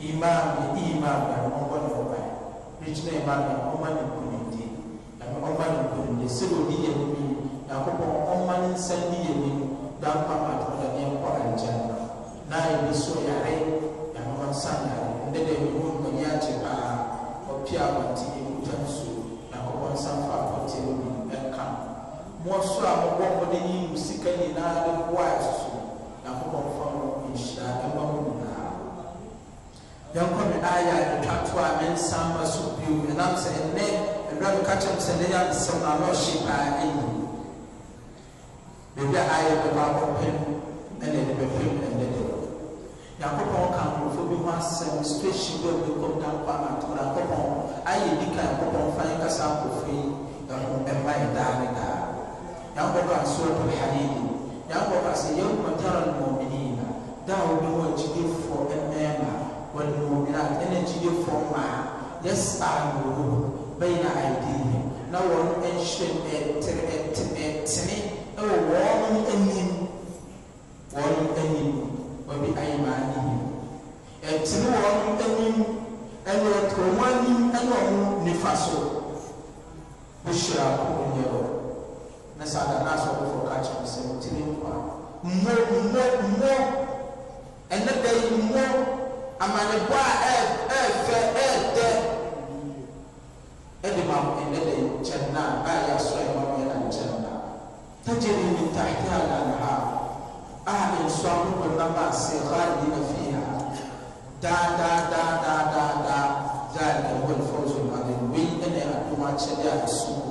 imam bi imam na ɔmo bɔ ne ɔba rekyina imam na ɔma ne nkunimdi na ɔma ne nkunimdi sɛbi odi yɛ ne bi na akokɔ ɔma ne nsa di yɛ ne mu na mpa ato na ne nkɔ nkyɛn no na ebi so yare na ɔma nsa yare ndɛ dɛ ebi mu nkɔnyi akyi paa ɔpia abɔnti ekuta nsuo na akokɔ nsa fa abɔnti ebi ɛka mo nso a mo bɔ de yi mu sika nyinaa de boa ɛsoso. yɛnkɔ ne ayɛ a yɛtwa to a mensa mma so bio ɛnam sɛ ɛnɛ ɛberɛ no ka kyɛm sɛ ne yɛ nsɛm na na ɔhye paa ɛyi baabi a ayɛ bɛba akɔpem ɛna ɛde bɛpem ɛnɛ de nyankopɔn ka nkurɔfoɔ bi ho asɛm spɛhyi bi a wɔbɛkɔm da nkɔ amatoɔ nyankopɔn ayɛ di ka nyankopɔn fa yɛ kasa nkurɔfoɔ yi ɛho ɛma yɛ daa ne daa nyankopɔn asɔrɔ pɛlɛ hali yi nyankopɔn asɛ yɛn kɔntara no yas'aluhu bayna aydihim na wɔn nhyɛn ɛtere ɛtene ɛtene ɛwɔ wɔn anim wɔn anim wɔbi aymaanihim ɛtene wɔn anim ɛna ɛtɔ wɔn anim ɛna wɔn nifa so bohyira kɔn yɛ hɔ na sɛ adana asɔ wɔfɔ kakyɛ no sɛ nkwa mmo mmo mmo ɛnɛ bɛyi mmo amanebɔ a الناس خالدين فيها دا دا دا دا دا دا ذلك هو الفوز العظيم وين أنا أتوما تشجع السوق